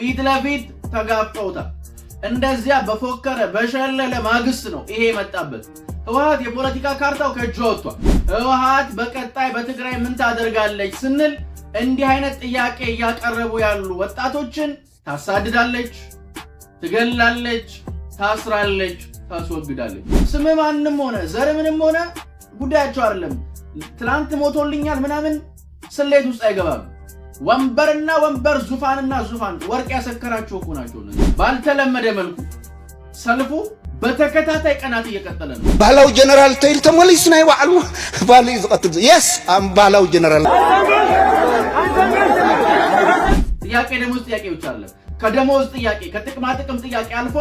ፊት ለፊት ተጋፈውታል እንደዚያ በፎከረ በሸለለ ማግስት ነው ይሄ የመጣበት። ህወሀት የፖለቲካ ካርታው ከእጇ ወጥቷል። ህወሀት በቀጣይ በትግራይ ምን ታደርጋለች ስንል እንዲህ አይነት ጥያቄ እያቀረቡ ያሉ ወጣቶችን ታሳድዳለች፣ ትገላለች፣ ታስራለች፣ ታስወግዳለች። ስም ማንም ሆነ ዘር ምንም ሆነ ጉዳያቸው አይደለም። ትናንት ሞቶልኛል ምናምን ስሌት ውስጥ አይገባም። ወንበርና ወንበር ዙፋንና ዙፋን ወርቅ ያሰከራችሁ እኮ ናቸው። ባልተለመደ መልኩ ሰልፉ በተከታታይ ቀናት እየቀጠለ ነው። ባህላዊ ጀነራል ተይል ተመልስ ናይ ባዕሉ ባል ዝቀትል የስ አም ባህላዊ ጀነራል ጥያቄ ደሞዝ ጥያቄ ብቻ አለ። ከደሞዝ ጥያቄ ከጥቅማ ጥቅም ጥያቄ አልፎ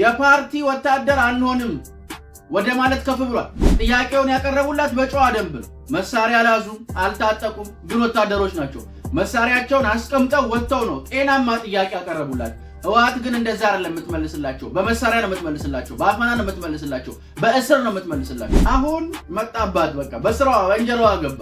የፓርቲ ወታደር አንሆንም ወደ ማለት ከፍ ብሏል። ጥያቄውን ያቀረቡላት በጨዋ ደንብ ነው። መሳሪያ አልያዙም፣ አልታጠቁም፣ ግን ወታደሮች ናቸው። መሳሪያቸውን አስቀምጠው ወጥተው ነው ጤናማ ጥያቄ ያቀረቡላት። ህወሓት ግን እንደዛ አይደለም የምትመልስላቸው። በመሳሪያ ነው የምትመልስላቸው፣ በአፈና ነው የምትመልስላቸው፣ በእስር ነው የምትመልስላቸው። አሁን መጣባት፣ በቃ በስራዋ በእንጀራዋ ገባ።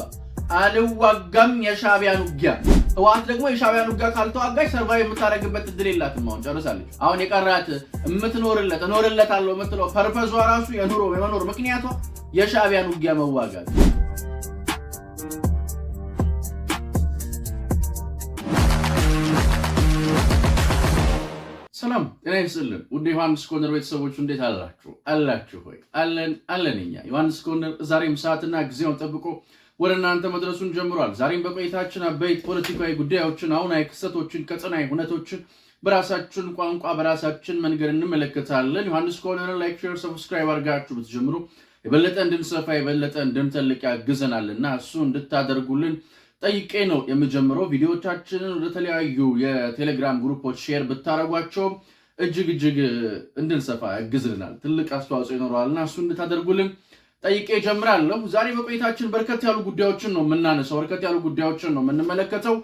አልዋጋም የሻቢያን ውጊያ። ህወሓት ደግሞ የሻቢያን ውጊያ ካልተዋጋች ሰርቫይ የምታደርግበት እድል የላትም። አሁን ጨርሳለች። አሁን የቀራት የምትኖርለት እኖርለታለሁ የምትለው ፐርፐዟ ራሱ የኑሮ የመኖር ምክንያቷ የሻቢያን ውጊያ መዋጋት ሰላም ጤና ይስጥልን ውድ ዮሐንስ ኮርነር ቤተሰቦች እንዴት አላችሁ? አላችሁ ሆይ አለን አለን። እኛ ዮሐንስ ኮርነር ዛሬም ሰዓትና ጊዜውን ጠብቆ ወደ እናንተ መድረሱን ጀምሯል። ዛሬም በቆይታችን አበይት ፖለቲካዊ ጉዳዮችን፣ አሁናዊ ክስተቶችን፣ ቀጠናዊ ሁነቶችን በራሳችን ቋንቋ በራሳችን መንገድ እንመለከታለን። ዮሐንስ ኮርነርን ላይክ፣ ሼር፣ ሰብስክራይብ አድርጋችሁ ብትጀምሩ የበለጠ እንድንሰፋ የበለጠ እንድንጠልቅ ያግዘናል እና እሱ እንድታደርጉልን ጠይቄ ነው የምጀምረው። ቪዲዮዎቻችንን ወደ ተለያዩ የቴሌግራም ግሩፖች ሼር ብታደረጓቸው እጅግ እጅግ እንድንሰፋ ያግዝልናል፣ ትልቅ አስተዋጽኦ ይኖረዋልና እሱ እንድታደርጉልን ጠይቄ ጀምራለሁ። ዛሬ በቆይታችን በርከት ያሉ ጉዳዮችን ነው የምናነሳው፣ በርከት ያሉ ጉዳዮችን ነው የምንመለከተው።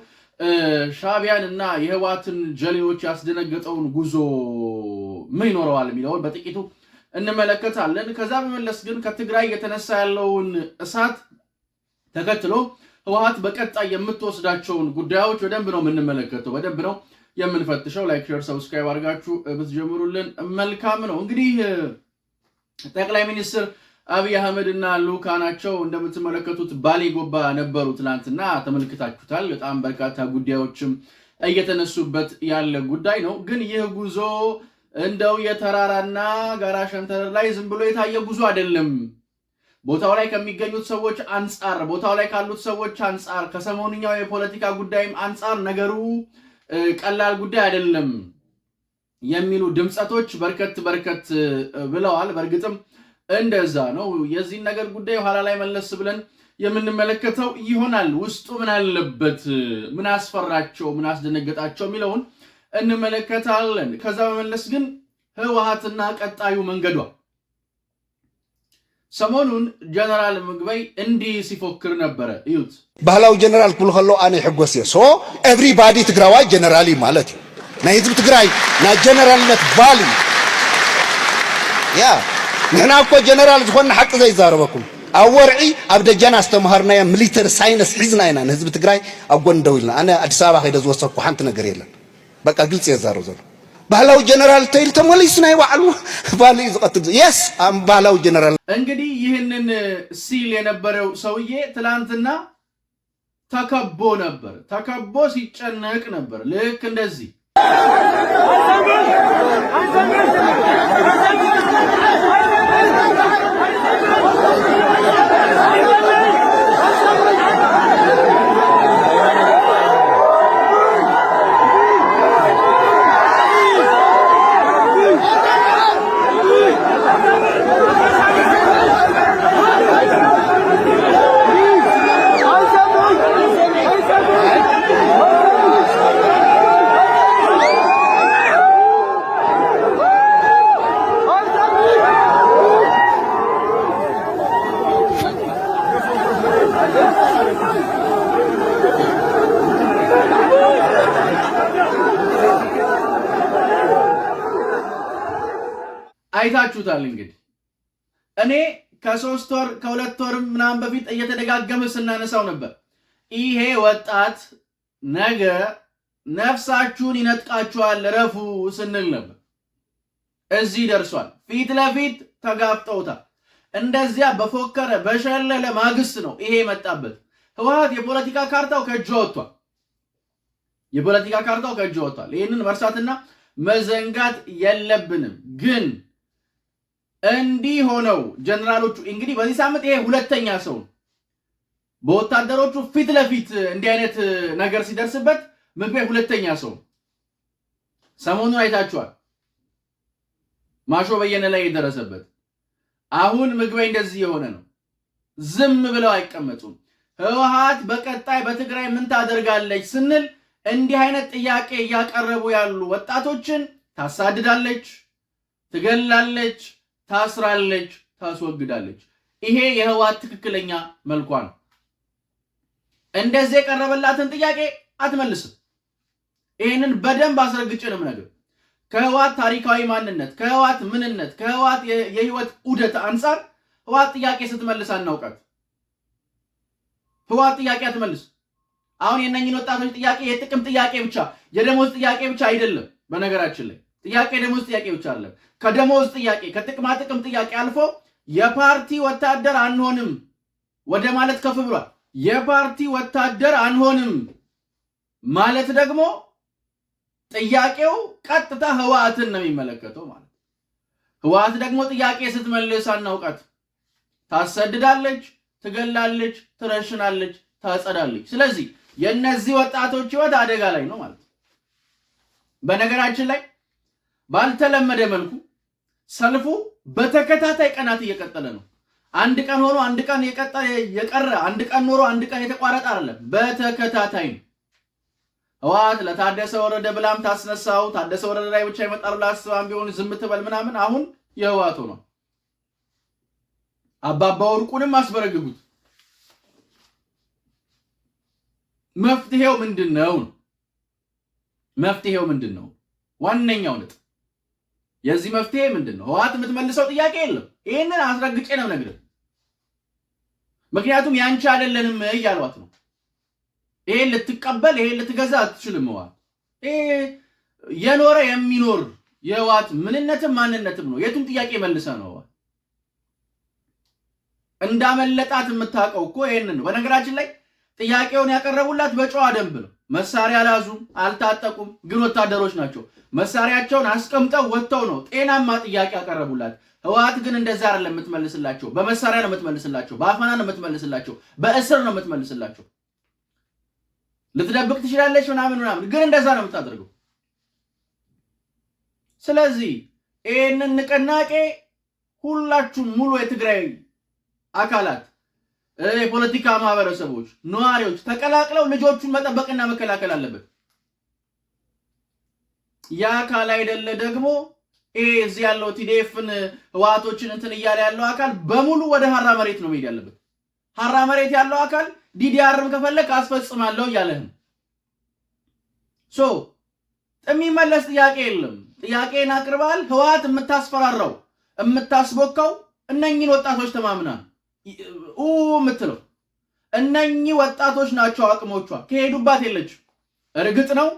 ሻቢያን እና የህወሓትን ጀሌዎች ያስደነገጠውን ጉዞ ምን ይኖረዋል የሚለውን በጥቂቱ እንመለከታለን። ከዛ በመለስ ግን ከትግራይ የተነሳ ያለውን እሳት ተከትሎ ህወሓት በቀጣይ የምትወስዳቸውን ጉዳዮች በደንብ ነው የምንመለከተው፣ በደንብ ነው የምንፈትሸው። ላይክ፣ ሼር፣ ሰብስክራይብ አድርጋችሁ ብትጀምሩልን መልካም ነው። እንግዲህ ጠቅላይ ሚኒስትር አብይ አህመድ እና ልኡካ ናቸው። እንደምትመለከቱት ባሌ ጎባ ነበሩ ትናንትና፣ ተመልክታችሁታል። በጣም በርካታ ጉዳዮችም እየተነሱበት ያለ ጉዳይ ነው። ግን ይህ ጉዞ እንደው የተራራና ጋራ ሸንተረር ላይ ዝም ብሎ የታየ ጉዞ አይደለም። ቦታው ላይ ከሚገኙት ሰዎች አንጻር፣ ቦታው ላይ ካሉት ሰዎች አንጻር፣ ከሰሞንኛው የፖለቲካ ጉዳይም አንጻር ነገሩ ቀላል ጉዳይ አይደለም የሚሉ ድምፀቶች በርከት በርከት ብለዋል። በእርግጥም እንደዛ ነው። የዚህን ነገር ጉዳይ ኋላ ላይ መለስ ብለን የምንመለከተው ይሆናል። ውስጡ ምን አለበት፣ ምን አስፈራቸው፣ ምን አስደነገጣቸው የሚለውን እንመለከታለን። ከዛ በመለስ ግን ህወሓትና ቀጣዩ መንገዷ ሰሞኑን ጀነራል ምግበይ እንዲህ ሲፎክር ነበረ። እዩት። ባህላዊ ጀነራል ክብሉ ከሎ ኣነ ይሕጎስ እየ ሶ ኤቭሪባዲ ትግራዋይ ጀነራል እዩ ማለት እዩ ናይ ህዝቢ ትግራይ ናይ ጀነራልነት ባል እዩ ያ ንሕና እኮ ጀነራል ዝኾነ ሓቂ ዘይዛረበኩም ኣብ ወርዒ ኣብ ደጃና ዝተምሃርናዮ ሚሊተሪ ሳይነስ ሒዝና ኢና ንህዝቢ ትግራይ ኣብ ጎን ደው ኢልና ኣነ ኣዲስ ኣበባ ከይደ ዝወሰኩ ሓንቲ ነገር የለን በቃ ግልፂ የዛረብ ዘሎ ባህላዊ ጀነራል ተይል ተመሊስ ናይ ባዕሉ ባህሊ ዝቀትል የስ ባህላዊ ጀነራል። እንግዲህ ይህንን ሲል የነበረው ሰውዬ ትላንትና ተከቦ ነበር። ተከቦ ሲጨነቅ ነበር። ልክ እንደዚህ ይላል እንግዲህ እኔ ከሶስት ወር ከሁለት ወር ምናምን በፊት እየተደጋገመ ስናነሳው ነበር። ይሄ ወጣት ነገ ነፍሳችሁን ይነጥቃችኋል ረፉ ስንል ነበር። እዚህ ደርሷል። ፊት ለፊት ተጋፍጠውታል። እንደዚያ በፎከረ በሸለለ ማግስት ነው ይሄ የመጣበት። ህወሓት የፖለቲካ ካርታው ከእጅ ወጥቷል። የፖለቲካ ካርታው ከእጅ ወጥቷል። ይህንን መርሳትና መዘንጋት የለብንም ግን እንዲህ ሆነው ጀነራሎቹ እንግዲህ በዚህ ሳምንት ይሄ ሁለተኛ ሰው በወታደሮቹ ፊት ለፊት እንዲህ አይነት ነገር ሲደርስበት ምግቤ ሁለተኛ ሰው ሰሞኑን አይታችኋል። ማሾ በየነ ላይ የደረሰበት አሁን ምግቤ እንደዚህ የሆነ ነው። ዝም ብለው አይቀመጡም። ህወሓት በቀጣይ በትግራይ ምን ታደርጋለች ስንል እንዲህ አይነት ጥያቄ እያቀረቡ ያሉ ወጣቶችን ታሳድዳለች፣ ትገላለች ታስራለች፣ ታስወግዳለች። ይሄ የህወሓት ትክክለኛ መልኳ ነው። እንደዚህ የቀረበላትን ጥያቄ አትመልስም። ይህንን በደንብ አስረግጬ ነው የምነግርህ። ከህወሓት ታሪካዊ ማንነት፣ ከህወሓት ምንነት፣ ከህወሓት የህይወት ዑደት አንጻር ህወሓት ጥያቄ ስትመልስ አናውቃት። ህወሓት ጥያቄ አትመልስ። አሁን የእነኝን ወጣቶች ጥያቄ የጥቅም ጥያቄ ብቻ የደሞዝ ጥያቄ ብቻ አይደለም በነገራችን ላይ ጥያቄ ደሞዝ ጥያቄ ብቻ አለ። ከደሞዝ ጥያቄ ከጥቅማ ጥቅም ጥያቄ አልፎ የፓርቲ ወታደር አንሆንም ወደ ማለት ከፍ ብሏል። የፓርቲ ወታደር አንሆንም ማለት ደግሞ ጥያቄው ቀጥታ ህወሓትን ነው የሚመለከተው ማለት። ህወሓት ደግሞ ጥያቄ ስትመልስ አናውቃት፣ ታሰድዳለች፣ ትገላለች፣ ትረሽናለች፣ ታጸዳለች። ስለዚህ የእነዚህ ወጣቶች ህይወት አደጋ ላይ ነው ማለት በነገራችን ላይ ባልተለመደ መልኩ ሰልፉ በተከታታይ ቀናት እየቀጠለ ነው። አንድ ቀን ሆኖ አንድ ቀን የቀረ አንድ ቀን ኖሮ አንድ ቀን የተቋረጠ አይደለም። በተከታታይ ነው። ህወሓት ለታደሰ ወረደ ብላም ታስነሳው ታደሰ ወረደ ላይ ብቻ ይመጣሉ ላስባም ቢሆን ዝም ትበል ምናምን። አሁን የህወሓት ሆኗል። አባባ ወርቁንም አስበረግጉት። መፍትሄው ምንድን ነው? መፍትሄው ምንድን ነው? ዋነኛው ነጥብ የዚህ መፍትሄ ምንድን ነው? ህወሓት የምትመልሰው ጥያቄ የለም። ይህንን አስረግጬ ነው ነግርህ። ምክንያቱም ያንቺ አይደለንም እያሏት ነው። ይሄን ልትቀበል ይሄን ልትገዛ አትችልም። ህወሓት ይሄ የኖረ የሚኖር የህወሓት ምንነትም ማንነትም ነው። የቱም ጥያቄ መልሰ ነው ህወሓት እንዳመለጣት የምታውቀው እኮ ይህንን ነው። በነገራችን ላይ ጥያቄውን ያቀረቡላት በጨዋ ደንብ ነው። መሳሪያ አልያዙም፣ አልታጠቁም፣ ግን ወታደሮች ናቸው። መሳሪያቸውን አስቀምጠው ወጥተው ነው ጤናማ ጥያቄ ያቀረቡላት። ህወሓት ግን እንደዛ አይደለም የምትመልስላቸው። በመሳሪያ ነው የምትመልስላቸው፣ በአፈና ነው የምትመልስላቸው፣ በእስር ነው የምትመልስላቸው። ልትደብቅ ትችላለች ምናምን ምናምን፣ ግን እንደዛ ነው የምታደርገው። ስለዚህ ይህንን ንቅናቄ ሁላችሁም ሙሉ የትግራይ አካላት የፖለቲካ ማህበረሰቦች፣ ነዋሪዎች ተቀላቅለው ልጆቹን መጠበቅና መከላከል አለበት። ያ አካል አይደለ ደግሞ ይሄ እዚህ ያለው ቲዲኤፍን ህወሓቶችን እንትን እያለ ያለው አካል በሙሉ ወደ ሀራ መሬት ነው መሄድ ያለበት። ሀራ መሬት ያለው አካል ዲዲአርም ከፈለግ አስፈጽማለሁ እያለህ ሶ የሚመለስ ጥያቄ የለም። ጥያቄን አቅርበሃል። ህወሓት የምታስፈራራው የምታስቦካው እነኝን ወጣቶች ተማምና ኡ የምትለው እነኚህ ወጣቶች ናቸው አቅሞቿ። ከሄዱባት የለችም እርግጥ ነው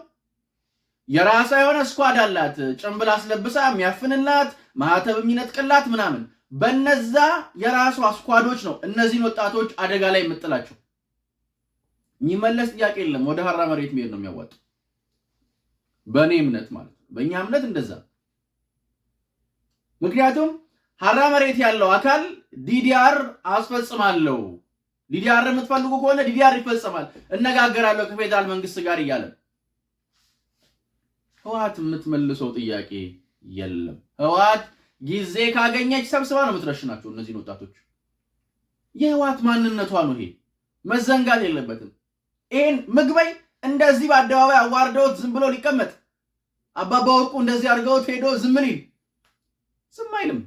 የራሷ የሆነ ስኳድ አላት። ጭንብል አስለብሳ የሚያፍንላት ማህተብ የሚነጥቅላት ምናምን በነዛ የራሷ ስኳዶች ነው እነዚህን ወጣቶች አደጋ ላይ የምጥላቸው። የሚመለስ ጥያቄ የለም። ወደ ሀራ መሬት መሄድ ነው የሚያዋጡ፣ በእኔ እምነት ማለት ነው። በእኛ እምነት እንደዛ። ምክንያቱም ሀራ መሬት ያለው አካል ዲዲአር አስፈጽማለሁ፣ ዲዲአር የምትፈልጉ ከሆነ ዲዲአር ይፈጸማል፣ እነጋገራለሁ ከፌዴራል መንግስት ጋር እያለ ህወሓት የምትመልሰው ጥያቄ የለም። ህወሓት ጊዜ ካገኘች ሰብስባ ነው የምትረሽናቸው እነዚህን ወጣቶች። የህወሓት ማንነቷ ነው ይሄ፣ መዘንጋት የለበትም። ይህን ምግበይ እንደዚህ በአደባባይ አዋርደውት ዝም ብሎ ሊቀመጥ አባባ ወርቁ እንደዚህ አድርገውት ሄዶ ዝም ይል ዝም አይልም፣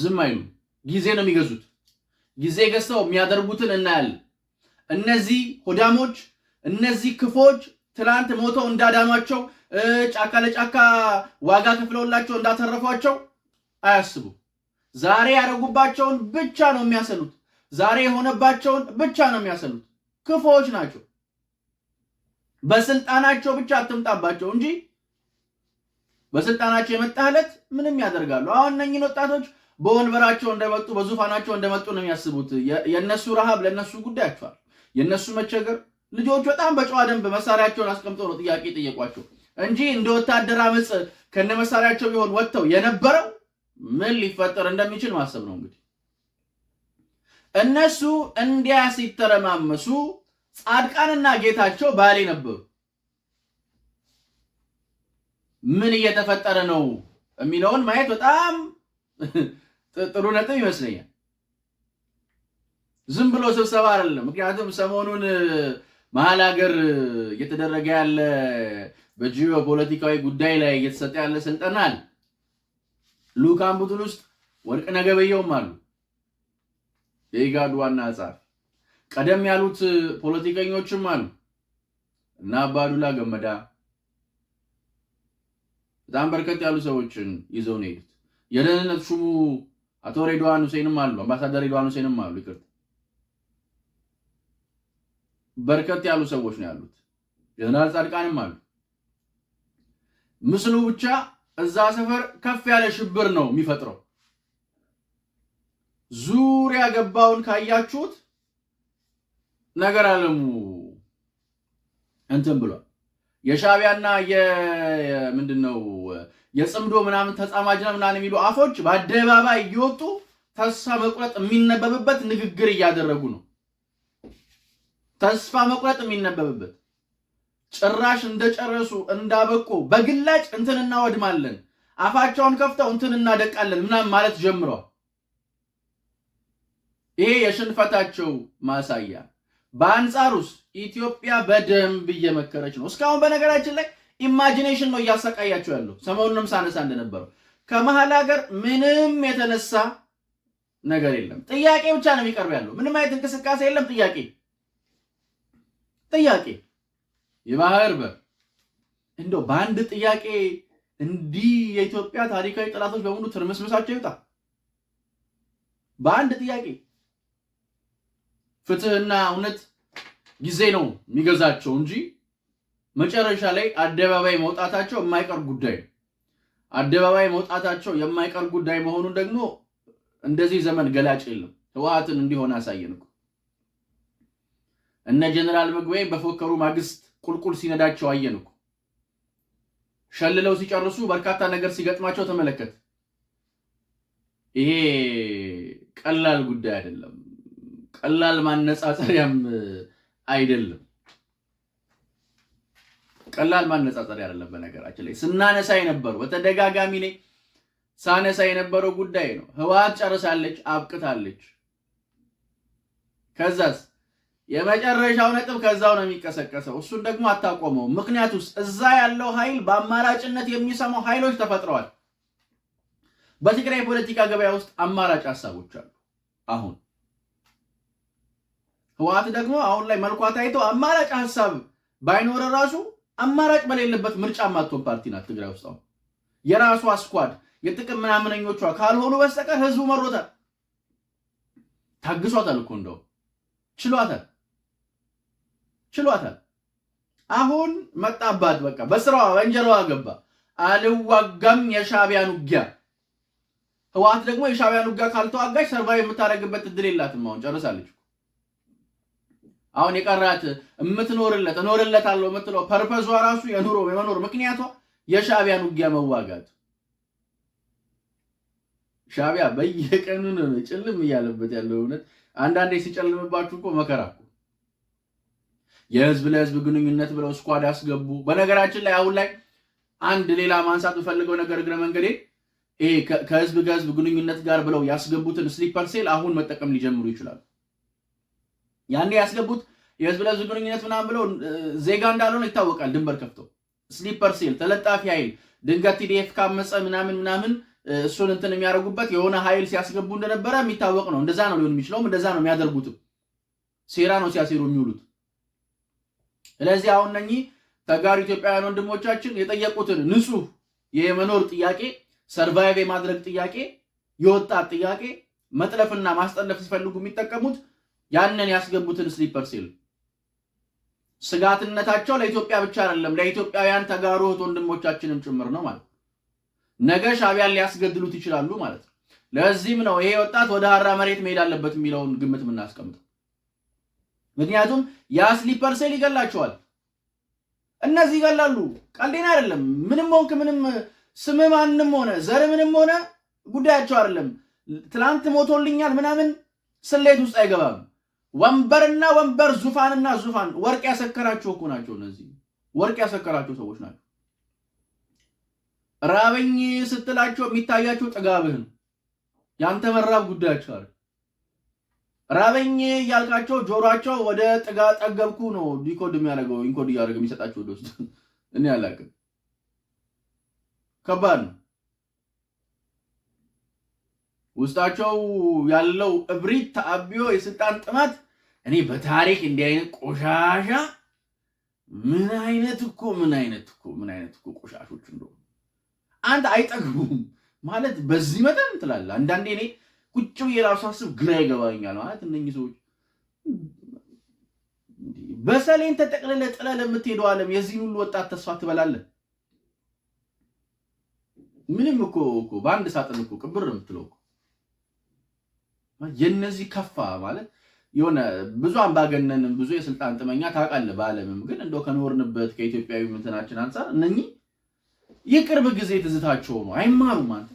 ዝም አይልም። ጊዜ ነው የሚገዙት። ጊዜ ገዝተው የሚያደርጉትን እናያለን። እነዚህ ሆዳሞች፣ እነዚህ ክፎች ትላንት ሞተው እንዳዳኗቸው ጫካ ለጫካ ዋጋ ከፍለውላቸው እንዳተረፏቸው አያስቡም። ዛሬ ያደረጉባቸውን ብቻ ነው የሚያሰሉት። ዛሬ የሆነባቸውን ብቻ ነው የሚያሰሉት። ክፉዎች ናቸው። በስልጣናቸው ብቻ አትምጣባቸው እንጂ በስልጣናቸው የመጣለት ምንም ያደርጋሉ። አሁን እነኝን ወጣቶች በወንበራቸው እንደመጡ በዙፋናቸው እንደመጡ ነው የሚያስቡት። የእነሱ ረሃብ ለእነሱ ጉዳያቸዋል። የእነሱ መቸገር ልጆች በጣም በጨዋ ደንብ መሳሪያቸውን አስቀምጠው ነው ጥያቄ ጠየቋቸው እንጂ እንደ ወታደር አመፅ ከነ መሳሪያቸው ቢሆን ወጥተው የነበረው ምን ሊፈጠር እንደሚችል ማሰብ ነው። እንግዲህ እነሱ እንዲያ ሲተረማመሱ ጻድቃንና ጌታቸው ባሌ ነበሩ። ምን እየተፈጠረ ነው የሚለውን ማየት በጣም ጥሩ ነጥብ ይመስለኛል። ዝም ብሎ ስብሰባ አይደለም። ምክንያቱም ሰሞኑን መሀል ሀገር እየተደረገ ያለ በጂኦ ፖለቲካዊ ጉዳይ ላይ እየተሰጠ ያለ ስልጠና አለ። ልዑካን ቡድን ውስጥ ወርቅነህ ገበየሁም አሉ፣ የኢጋድ ዋና ጸሐፊ። ቀደም ያሉት ፖለቲከኞችም አሉ እና አባዱላ ገመዳ በጣም በርከት ያሉ ሰዎችን ይዘው ነው የሄዱት። የደህንነት ሹሙ አቶ ሬድዋን ሁሴንም አሉ፣ አምባሳደር ሬድዋን ሁሴንም አሉ። ይቅርታ በርከት ያሉ ሰዎች ነው ያሉት። ጀነራል ጻድቃንም አሉ። ምስሉ ብቻ እዛ ሰፈር ከፍ ያለ ሽብር ነው የሚፈጥረው። ዙሪያ ገባውን ካያችሁት ነገር አለሙ እንትን ብሏል። የሻቢያና የምንድን ነው የጽምዶ ምናምን ተጻማጅና ምናምን የሚሉ አፎች በአደባባይ እየወጡ ተስፋ መቁረጥ የሚነበብበት ንግግር እያደረጉ ነው። ተስፋ መቁረጥ የሚነበብበት ጭራሽ እንደጨረሱ እንዳበቁ በግላጭ እንትን እናወድማለን፣ አፋቸውን ከፍተው እንትን እናደቃለን ምናምን ማለት ጀምሯል። ይሄ የሽንፈታቸው ማሳያ። በአንጻሩስ ኢትዮጵያ በደንብ እየመከረች ነው። እስካሁን በነገራችን ላይ ኢማጂኔሽን ነው እያሰቃያቸው ያለው። ሰሞኑንም ሳነሳ እንደነበረው ከመሀል ሀገር ምንም የተነሳ ነገር የለም። ጥያቄ ብቻ ነው የሚቀርብ ያለው። ምንም አይነት እንቅስቃሴ የለም። ጥያቄ ጥያቄ የባህር በር እንደው በአንድ ጥያቄ እንዲህ የኢትዮጵያ ታሪካዊ ጠላቶች በሙሉ ትርምስምሳቸው ይውጣ። በአንድ ጥያቄ ፍትህና እውነት ጊዜ ነው የሚገዛቸው እንጂ መጨረሻ ላይ አደባባይ መውጣታቸው የማይቀር ጉዳይ ነው። አደባባይ መውጣታቸው የማይቀር ጉዳይ መሆኑን ደግሞ እንደዚህ ዘመን ገላጭ የለም። ህወሓትን እንዲሆን አሳየን እኮ እነ ጀነራል ምግበይ በፎከሩ ማግስት ቁልቁል ሲነዳቸው አየን እኮ። ሸልለው ሲጨርሱ በርካታ ነገር ሲገጥማቸው ተመለከት። ይሄ ቀላል ጉዳይ አይደለም፣ ቀላል ማነጻጸሪያም አይደለም። ቀላል ማነጻጸሪያ አይደለም። በነገራችን ላይ ስናነሳ የነበረው በተደጋጋሚ እኔ ሳነሳ የነበረው ጉዳይ ነው። ህወሓት ጨርሳለች፣ አብቅታለች። ከዛስ የመጨረሻው ነጥብ ከዛው ነው የሚቀሰቀሰው። እሱን ደግሞ አታቆመው። ምክንያቱ እዛ ያለው ኃይል በአማራጭነት የሚሰማው ኃይሎች ተፈጥረዋል። በትግራይ ፖለቲካ ገበያ ውስጥ አማራጭ ሀሳቦች አሉ። አሁን ህወሓት ደግሞ አሁን ላይ መልኳ ታይቶ አማራጭ ሀሳብ ባይኖር ራሱ አማራጭ በሌለበት ምርጫ ማቶን ፓርቲ ናት ትግራይ ውስጥ አሁን የራሷ ስኳድ የጥቅም ምናምነኞቿ ካልሆኑ በስተቀር ህዝቡ መሮታል፣ ታግሷታል እኮ እንደው ችሏታል። ችሏታል። አሁን መጣባት። በቃ በስራዋ በእንጀራዋ ገባ። አልዋጋም የሻቢያን ውጊያ። ህወሓት ደግሞ የሻዕቢያን ውጊያ ካልተዋጋች ሰርቫይ የምታደርግበት እድል የላትም። አሁን ጨርሳለች። አሁን የቀራት የምትኖርለት እኖርለታለሁ የምትለው ፐርፐዟ ራሱ የኑሮ የመኖር ምክንያቷ የሻቢያን ውጊያ መዋጋት። ሻቢያ በየቀኑ ጭልም እያለበት ያለው እውነት አንዳንዴ ሲጨልምባችሁ እኮ መከራ እኮ የህዝብ ለህዝብ ግንኙነት ብለው ስኳድ አስገቡ። በነገራችን ላይ አሁን ላይ አንድ ሌላ ማንሳት ብፈልገው ነገር እግረ መንገዴ ይሄ ከህዝብ ከህዝብ ግንኙነት ጋር ብለው ያስገቡትን ስሊፐር ሴል አሁን መጠቀም ሊጀምሩ ይችላሉ። ያኔ ያስገቡት የህዝብ ለህዝብ ግንኙነት ምናምን ብለው ዜጋ እንዳልሆነ ይታወቃል። ድንበር ከፍተው ስሊፐር ሴል ተለጣፊ ኃይል ድንገት ቲዲኤፍ ካመፀ ምናምን ምናምን እሱን እንትን የሚያደርጉበት የሆነ ኃይል ሲያስገቡ እንደነበረ የሚታወቅ ነው። እንደዛ ነው ሊሆን የሚችለውም እንደዛ ነው የሚያደርጉትም። ሴራ ነው ሲያሴሩ የሚውሉት። ስለዚህ አሁን እነኚህ ተጋሩ ኢትዮጵያውያን ወንድሞቻችን የጠየቁትን ንጹህ የመኖር ጥያቄ፣ ሰርቫይቭ የማድረግ ጥያቄ፣ የወጣት ጥያቄ መጥለፍና ማስጠለፍ ሲፈልጉ የሚጠቀሙት ያንን ያስገቡትን ስሊፐር ሲል ስጋትነታቸው ለኢትዮጵያ ብቻ አይደለም፣ ለኢትዮጵያውያን ተጋሩ እህት ወንድሞቻችንም ጭምር ነው ማለት ነው። ነገ ሻቢያን ሊያስገድሉት ይችላሉ ማለት ነው። ለዚህም ነው ይሄ ወጣት ወደ ሀራ መሬት መሄድ አለበት የሚለውን ግምት የምናስቀምጠው። ምክንያቱም ያ ስሊፐር ሴል ይገላቸዋል። እነዚህ ይገላሉ። ቀልዴን አይደለም። ምንም ሆንክ ምንም ስም ማንም ሆነ ዘር ምንም ሆነ ጉዳያቸው አይደለም። ትናንት ሞቶልኛል ምናምን ስሌት ውስጥ አይገባም። ወንበርና ወንበር፣ ዙፋንና ዙፋን። ወርቅ ያሰከራቸው እኮ ናቸው እነዚህ ወርቅ ያሰከራቸው ሰዎች ናቸው። ራበኝ ስትላቸው የሚታያቸው ጥጋብህን ያንተ መራብ ጉዳያቸው አይደል ራበኝ ያልካቸው ጆሯቸው ወደ ጥጋ ጠገብኩ ነው ዲኮድ የሚያደርገው ኢንኮድ እያደረገ የሚሰጣቸው ወደ ውስጥ እኔ አላውቅም። ከባድ ነው። ውስጣቸው ያለው እብሪት፣ ተአብዮ፣ የስልጣን ጥማት እኔ በታሪክ እንዲህ አይነት ቆሻሻ ምን አይነት እኮ ምን አይነት እኮ ምን አይነት እኮ ቆሻሾች እንደሆኑ አንድ አይጠግቡም ማለት በዚህ መጠን ትላለህ። አንዳንዴ እኔ ቁጭ ብዬ ራሱ አስብ ግራ ይገባኛል። ማለት እነኚህ ሰዎች በሰሌን ተጠቅልለ ጥለ ለምትሄደው ዓለም የዚህን ሁሉ ወጣት ተስፋ ትበላለ። ምንም እኮ እኮ በአንድ ሳጥን እኮ ቅብር የምትለው እኮ የነዚህ ከፋ ማለት የሆነ ብዙ አምባገነንም ብዙ የስልጣን ጥመኛ ታውቃለህ። በዓለምም ግን እንደው ከኖርንበት ከኢትዮጵያዊ ምንትናችን አንፃር እነኚህ የቅርብ ጊዜ ትዝታቸው ነው። አይማሩም፣ አንተ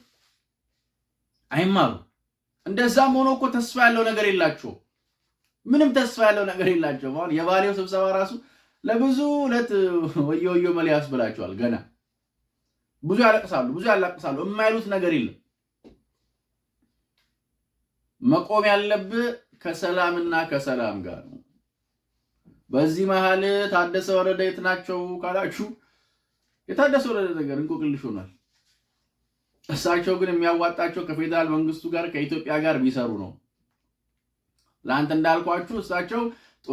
አይማሩም እንደዛም ሆኖ እኮ ተስፋ ያለው ነገር የላቸው ምንም ተስፋ ያለው ነገር የላቸው አሁን የባሌው ስብሰባ ራሱ ለብዙ ዕለት ወዮ ወዮ መል ብላቸዋል። ገና ብዙ ያለቅሳሉ፣ ብዙ ያላቅሳሉ። የማይሉት ነገር የለም። መቆም ያለብህ ከሰላምና ከሰላም ጋር ነው። በዚህ መሀል ታደሰ ወረደ የት ናቸው ካላችሁ የታደሰ ወረደ ነገር እንቆቅልሽ ሆኗል። እሳቸው ግን የሚያዋጣቸው ከፌዴራል መንግስቱ ጋር ከኢትዮጵያ ጋር ቢሰሩ ነው። ለአንተ እንዳልኳችሁ እሳቸው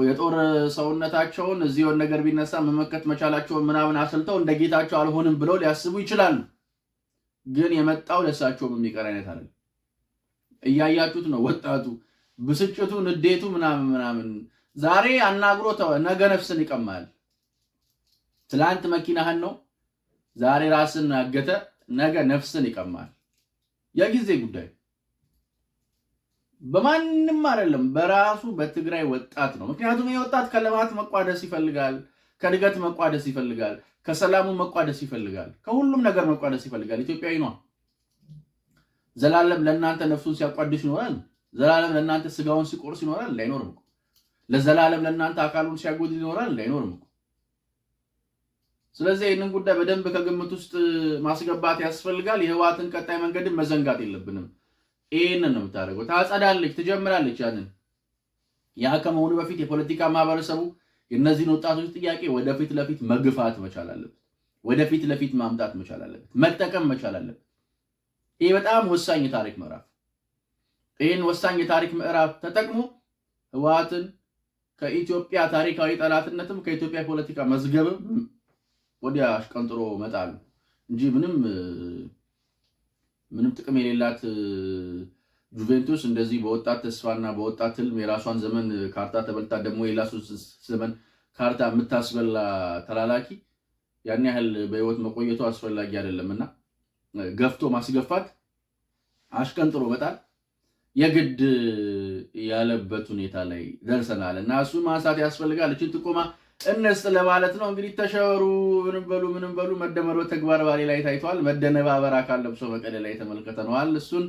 የጦር ሰውነታቸውን እዚህ ነገር ቢነሳ መመከት መቻላቸውን ምናምን አስልተው እንደ ጌታቸው አልሆንም ብለው ሊያስቡ ይችላሉ። ግን የመጣው ለእሳቸውም የሚቀር አይነት አለ። እያያችሁት ነው። ወጣቱ ብስጭቱ፣ ንዴቱ ምናምን ምናምን ዛሬ አናግሮ ነገ ነፍስን ይቀማል። ትላንት መኪናህን ነው ዛሬ ራስን አገተ። ነገ ነፍስን ይቀማል። የጊዜ ጉዳይ በማንም አይደለም፣ በራሱ በትግራይ ወጣት ነው። ምክንያቱም ይህ ወጣት ከልማት መቋደስ ይፈልጋል፣ ከእድገት መቋደስ ይፈልጋል፣ ከሰላሙ መቋደስ ይፈልጋል፣ ከሁሉም ነገር መቋደስ ይፈልጋል። ኢትዮጵያዊ ነዋ። ዘላለም ለእናንተ ነፍሱን ሲያቋድስ ይኖራል። ዘላለም ለእናንተ ስጋውን ሲቆርስ ይኖራል። ላይኖርም። ለዘላለም ለእናንተ አካሉን ሲያጎድል ይኖራል። ላይኖርም። ስለዚህ ይህንን ጉዳይ በደንብ ከግምት ውስጥ ማስገባት ያስፈልጋል። የህወሓትን ቀጣይ መንገድን መዘንጋት የለብንም። ይህንን ነው የምታደርገው። ታጸዳለች፣ ትጀምራለች። ያንን ያ ከመሆኑ በፊት የፖለቲካ ማህበረሰቡ የእነዚህን ወጣቶች ጥያቄ ወደፊት ለፊት መግፋት መቻል አለበት። ወደፊት ለፊት ማምጣት መቻል አለበት። መጠቀም መቻል አለበት። ይህ በጣም ወሳኝ የታሪክ ምዕራፍ። ይህን ወሳኝ የታሪክ ምዕራፍ ተጠቅሞ ህወሓትን ከኢትዮጵያ ታሪካዊ ጠላትነትም ከኢትዮጵያ ፖለቲካ መዝገብም ወዲያ አሽቀንጥሮ መጣል እንጂ ምንም ምንም ጥቅም የሌላት ጁቬንቱስ እንደዚህ በወጣት ተስፋና በወጣት ህልም የራሷን ዘመን ካርታ ተበልታ ደግሞ የላሱ ዘመን ካርታ የምታስበላ ተላላኪ ያን ያህል በህይወት መቆየቱ አስፈላጊ አይደለም እና ገፍቶ ማስገፋት አሽቀንጥሮ መጣል የግድ ያለበት ሁኔታ ላይ ደርሰናል እና እሱን ማንሳት ያስፈልጋል። እችን ጥቆማ እንስጥ ለማለት ነው። እንግዲህ ተሸበሩ ምንም በሉ ምንም በሉ። መደመር በተግባር ባሌ ላይ ታይቷል። መደነባበር አካል ለብሶ መቀሌ ላይ ተመልክተነዋል። እሱን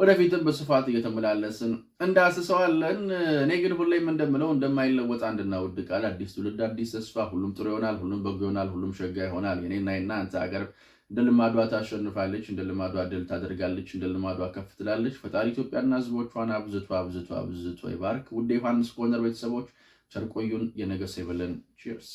ወደፊትም በስፋት እየተመላለስን እንዳስሰዋለን። እኔ ግን ሁሌም እንደምለው እንደማይለወጥ አንድና ውድ ቃል፣ አዲስ ትውልድ፣ አዲስ ተስፋ። ሁሉም ጥሩ ይሆናል፣ ሁሉም በጎ ይሆናል፣ ሁሉም ሸጋ ይሆናል። የኔና የናንተ ሀገር እንደ ልማዷ ታሸንፋለች፣ እንደ ልማዷ ድል ታደርጋለች፣ እንደ ልማዷ ከፍ ትላለች። ፈጣሪ ኢትዮጵያና ህዝቦቿን አብዝቶ አብዝቶ አብዝቶ ይባርክ። ውድ ዮሐንስ ኮርነር ቤተሰቦች ቸርቆዩን የነገ ሰው ይበለን። ቺርስ